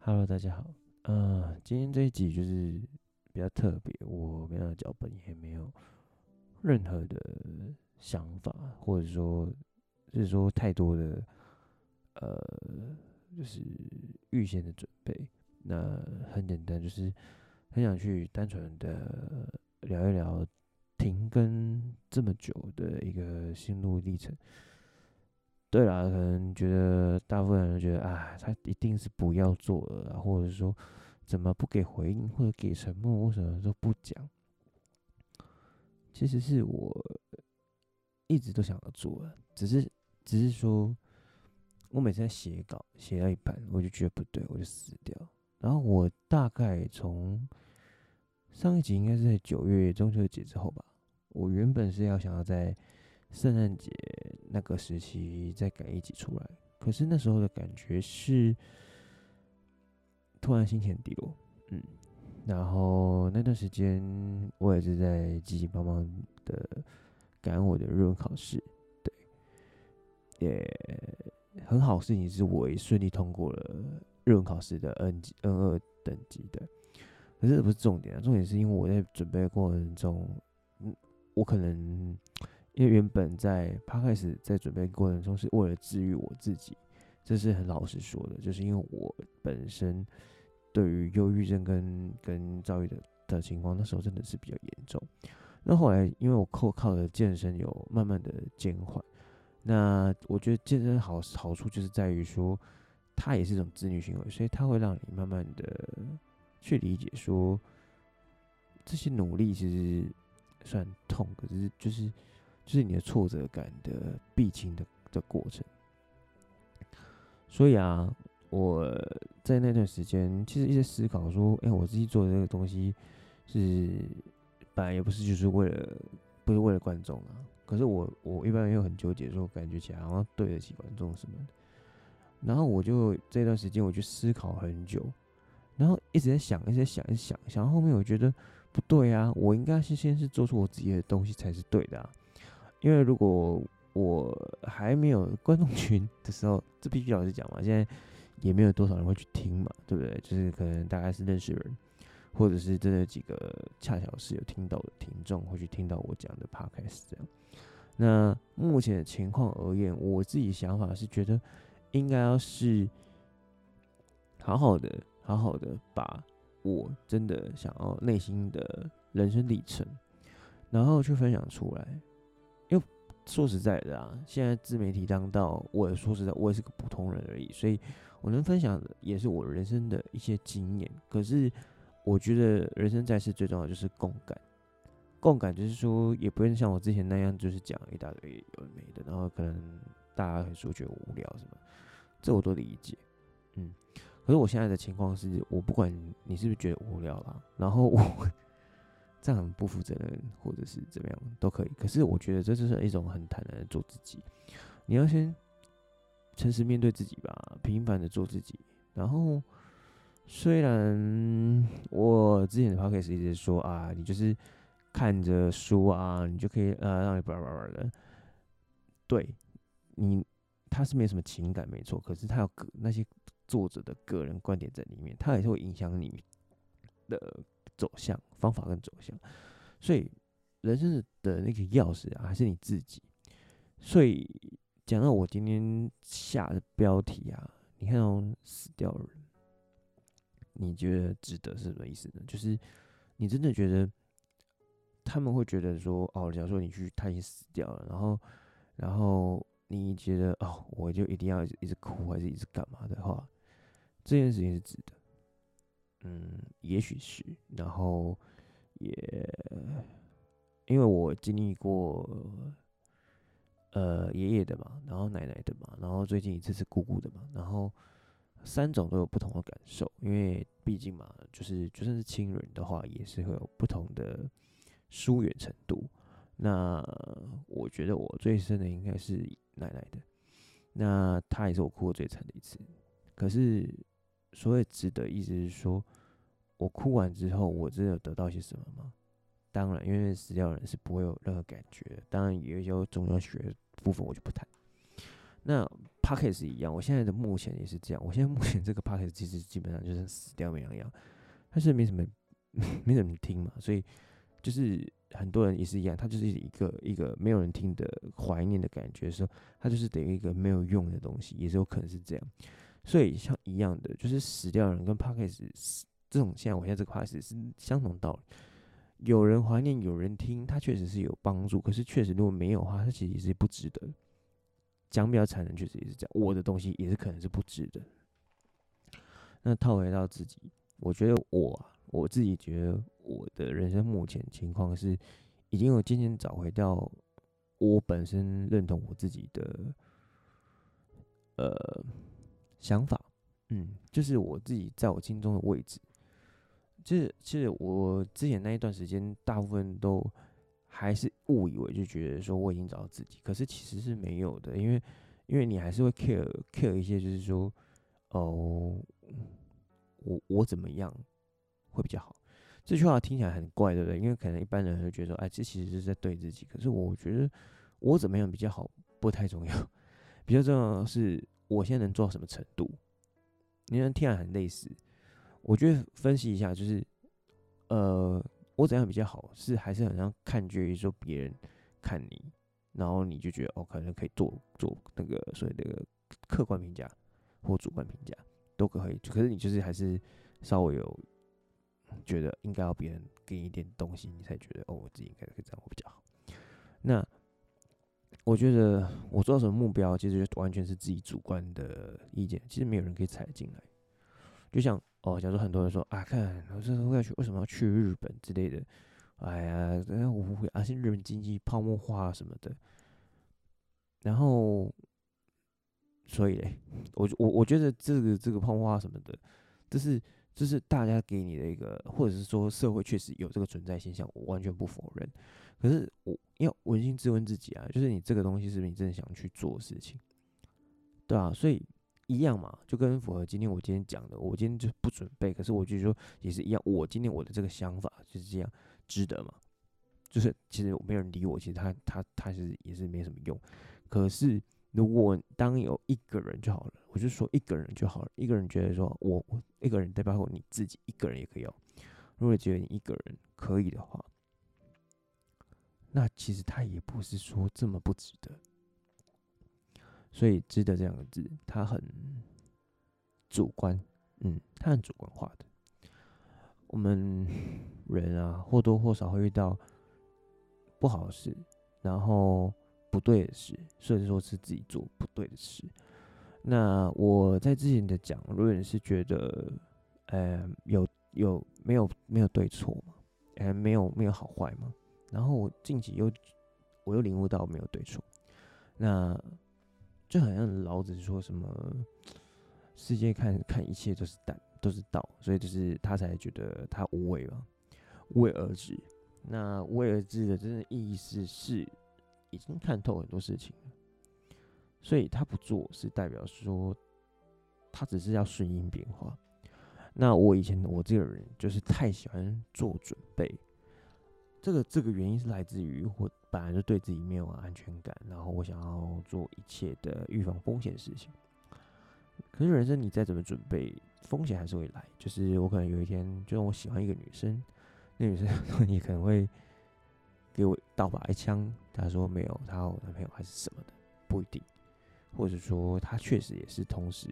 哈嘍，大家好。嗯、呃，今天這一集就是比較特別，我沒有腳本，也沒有任何的想法，或者說，就是說太多的，呃，就是預先的準備。那很簡單，就是很想去單純的聊一聊停更這麼久的一個心路歷程。對啦，可能覺得大部分人都覺得，啊，他一定是不要做了啦，或者是說，怎麼不給回應，或者給沉默，我什麼都不講？其實是我一直都想要做的，只是，只是說，我每次在寫稿寫到一半，我就覺得不對，我就撕掉。然後我大概從上一集應該是在九月中秋節之後吧，我原本是要想要在聖誕節那個時期再趕一集出來，可是那時候的感覺是突然心情很低落，嗯，然後那段時間我也是在急急忙忙的趕我的日文考試，對，也、yeah, 很好事情是我也順利通過了日文考試的 N 級 N 二等級的，可是這不是重點啊，重點是因為我在準備過程中，嗯，我可能。因為原本在剛開始在準備過程中是為了治癒我自己，這是很老實說的。就是因為我本身對於憂鬱症跟跟躁鬱的的情況，那時候真的是比較嚴重。那後來因為我靠靠的健身有慢慢的減緩。那我覺得健身好好處就是在於說，它也是一種自律行為，所以它會讓你慢慢的去理解說，這些努力其實算很痛，可是就是。就是你的挫折感的必經的的過程，所以啊，我在那段時間其實一直思考說，哎、欸，我自己做的這個東西是，本來也不是就是為了不是為了觀眾啊。可是我我一般也有很糾結，說感覺起來好像對得起觀眾什麼的。然後我就這段時間我去思考很久，然後一直在想，一直在想，一，想，一想，想到後面我覺得不對啊，我應該是先是做出我自己的東西才是對的啊。因為如果我還沒有觀眾群的時候，這必須老實講嘛，現在也沒有多少人會去聽嘛，對不對？就是可能大概是認識的人，或者是真的幾個恰巧是有聽到的聽眾會去聽到我講的 podcast 這樣。那目前的情況而言，我自己想法是覺得應該要是好好的、好好的把我真的想要內心的人生歷程，然後去分享出來。說實在的啊，現在自媒體當道。我也說實在，我也是個普通人而已，所以我能分享的也是我人生的一些經驗。可是我覺得人生在世最重要的就是共感，共感就是說，也不用像我之前那樣，就是講一大堆有的沒的，然後可能大家會說覺得無聊什麼，這我都理解，嗯。可是我現在的情況是我不管你，你是不是覺得無聊了啊，然後我。 這樣很不負責任，或者是怎麼樣都可以。可是我覺得這就是一種很坦然的做自己。你要先誠實面對自己吧，平凡的做自己。然後，雖然我之前的 podcast 一直說啊，你就是看着書啊，你就可以呃、啊、讓你叭叭叭的。對你，他是沒有什麼情感，沒錯。可是他有個那些作者的個人觀點在裡面，他也是會影響你的。走向方法跟走向，所以人生的那個鑰匙、啊、還是你自己。所以講到我今天下的標題啊，你看到、喔、死掉的人，你覺得值得是什麼意思呢？就是你真的覺得他們會覺得說，哦、喔，假如說你去他已經死掉了，然後然後你覺得哦、喔，我就一定要一直，一直哭，還是一直幹嘛的話，這件事情是值得。嗯，也許是，然後也，因為我經歷過，呃，爺爺的嘛，然後奶奶的嘛，然後最近一次是姑姑的嘛，然後三種都有不同的感受，因為畢竟嘛，就是就算是親人的話，也是會有不同的疏遠程度。那我覺得我最深的應該是奶奶的，那她也是我哭過最慘的一次，可是。所以值得意思是說，我哭完之後，我真的有得到些什麼嗎？當然，因為死掉的人是不會有任何感覺。當然，也有重要學的部分我就不談。那 podcast 一樣，我現在的目前也是這樣。我現在目前這個 podcast 其實基本上就是死掉沒兩樣，但是沒什麼，沒怎麼聽嘛。所以就是很多人也是一樣，他就是一個一個沒有人聽的懷念的感覺的時候，他就是等於一個沒有用的東西，也是有可能是這樣。所以像一樣的，就是死掉的人跟 podcast。a 這種，現在我現在這個 podcast 是相同道理。有人懷念，有人聽，它確實是有幫助。可是確實，如果沒有的話，它其實也是不值得。講比較殘忍，確實也是這樣。我的東西也是可能是不值得。那套回到自己，我覺得我、啊、我自己覺得我的人生目前情況是已經有漸漸找回到我本身認同我自己的，呃。想法，嗯，就是我自己在我心中的位置，就是其實我之前那一段時間，大部分都還是誤以為就覺得說我已經找到自己，可是其實是沒有的，因為因為你還是會 care care 一些，就是說哦、呃，我我怎麼樣會比較好？這句話聽起來很怪，對不對？因為可能一般人會覺得說，哎、欸，這其實是在對自己。可是我覺得我怎麼樣比較好不太重要，比較重要的是。我現在能做到什麼程度？你跟天然很類似，我覺得分析一下，就是，呃，我怎樣比較好，是還是很像取決於說，別人看你，然後你就覺得哦，可能可以做做那個，所以那個客觀評價或主觀評價都可以，可是你就是還是稍微有覺得應該要別人給你一點東西，你才覺得哦，我自己應該可以這樣會比較好。那我覺得我做到什麼目標，其實就完全是自己主觀的意見，其實沒有人可以踩進來。就像哦，假如說很多人說啊，看我這是要去，為什麼要去日本之類的，哎呀，我不會，而、啊、且日本經濟泡沫化什麼的。然後，所以嘞，我我我覺得這個這個泡沫化什麼的，這是這是大家給你的一個，或者是說社會確實有這個存在現象，我完全不否認。可是我要捫心自問自己啊，就是你這個東西是不是你真的想去做的事情？對啊，所以一樣嘛，就跟符合今天我今天講的，我今天就不準備。可是我就是說也是一樣，我今天我的這個想法就是這樣，值得嘛？就是其實我沒有人理我，其實他他他是也是沒什麼用。可是如果當有一個人就好了，我就說一個人就好了，一個人覺得說我，我一個人，代表你自己一個人也可以哦。如果你覺得你一個人可以的話。那其實他也不是說這麼不值得，所以值得這兩個字，他很主觀，嗯，他很主觀化的。我們人啊，或多或少會遇到不好的事，然後不對的事，甚至說是自己做不對的事。那我在之前的講論是覺得，呃，有有沒有沒有對錯，呃，沒有沒有好壞嗎？然後我近期又，我又領悟到沒有對錯，那就好像老子說什麼，世界看看一切都是道，都是道，所以就是他才覺得他無為吧，無為而治。那無為而治的真正意思是是已經看透很多事情了，所以他不做是代表說，他只是要順應變化。那我以前的我這個人就是太喜歡做準備。這個這個原因是來自於我本來就對自己沒有安全感，然後我想要做一切的預防風險事情。可是人生你再怎麼準備，風險還是會來。就是我可能有一天，就我喜歡一個女生，那女生說你可能會給我倒打一槍。她說沒有，她有男朋友還是什麼的，不一定。或者說她確實也是同時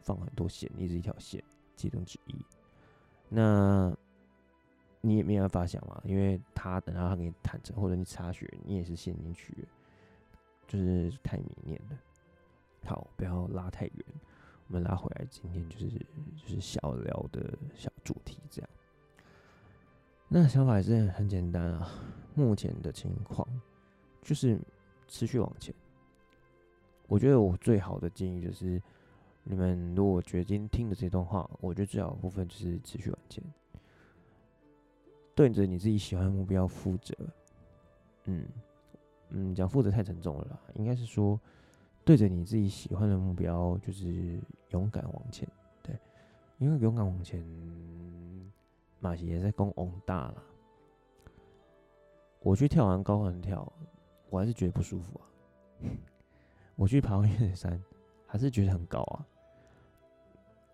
放很多線，你只是一條線其中之一。那。你也沒辦法想嘛，因為他等下他給你坦誠，或者你插血，你也是陷進去，就是太迷戀了。好，不要拉太遠，我們拉回來，今天就是就是小聊的小主題這樣。那想法也是很很簡單啊，目前的情況就是持續往前。我覺得我最好的建議就是，你們如果覺得今天聽的這段話，我覺得最好的部分就是持續往前。對着你自己喜歡的目標負責，嗯嗯，講負責太沉重了啦，應該是說對着你自己喜歡的目標，就是勇敢往前。對，因為勇敢往前，馬、嗯、奇也在攻翁、大了。我去跳完高很跳，我還是覺得不舒服啊。 我去爬完玉山，還是覺得很高啊。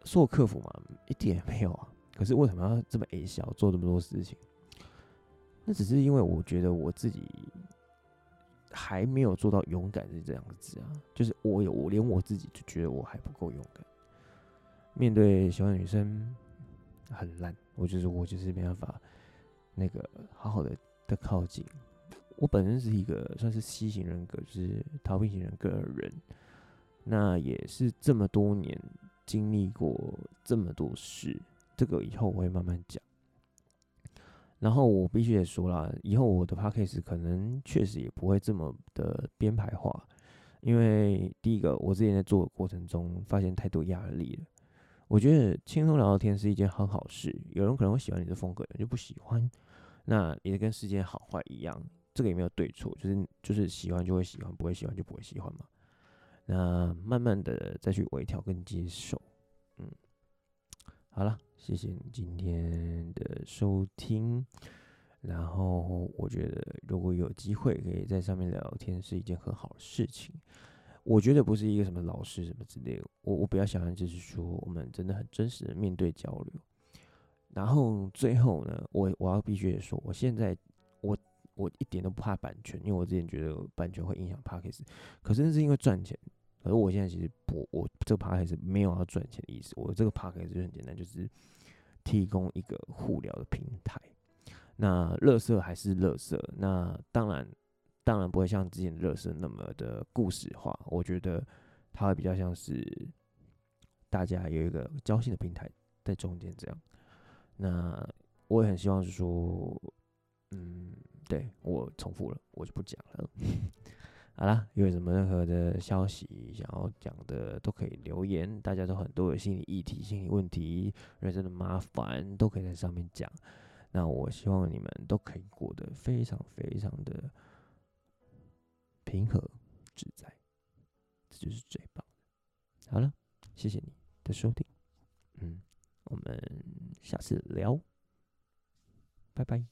說我克服嗎？一點也沒有啊。可是為什麼要這麼矮、欸、小做這麼多事情？那只是因為我覺得我自己還沒有做到勇敢，是這樣子啊，就是我有我連我自己就覺得我還不夠勇敢，面對喜歡的女生很爛，我就是我就是沒辦法那個好好的的靠近。我本身是一個算是 C 型人格，就是逃避型人格的人，那也是這麼多年經歷過這麼多事。這個以後我會慢慢講，然後我必須也說了，以後我的 podcast 可能確實也不會這麼的編排化，因為第一個，我之前在做的過程中發現太多壓力了。我覺得輕鬆聊聊天是一件很好事，有人可能會喜歡你的風格，有人就不喜歡，那也跟世界好壞一樣，這個也沒有對錯，就是就是喜歡就會喜歡，不會喜歡就不會喜歡嘛。那慢慢的再去微調跟接受。好了，謝謝你今天的收聽。然後我覺得，如果有機會可以在上面聊天，是一件很好的事情。我覺得不是一個什麼老師什麼之類的，我我比較想要就是說，我們真的很真實的面對交流。然後最後呢，我我要必須得說，我現在我我一點都不怕版權，因為我之前覺得版權會影響 Podcast，可是那是因為賺錢。而我現在其實不，我這個趴還是沒有要賺錢的意思。我這個趴還是很簡單，就是提供一個互聊的平台。那樂色還是樂色，那當然當然不會像之前樂色那麼的故事化。我覺得它會比較像是大家有一個交心的平台在中間這樣。那我也很希望是說，嗯，對，我重複了，我就不講了。 好啦，又有什麼任何的消息想要講的，都可以留言。大家都很多有心理議題、心理問題、人生的麻煩，都可以在上面講。那我希望你們都可以過得非常非常的平和自在，這就是最棒的。好了，謝謝你的收聽。嗯，我們下次聊，拜拜。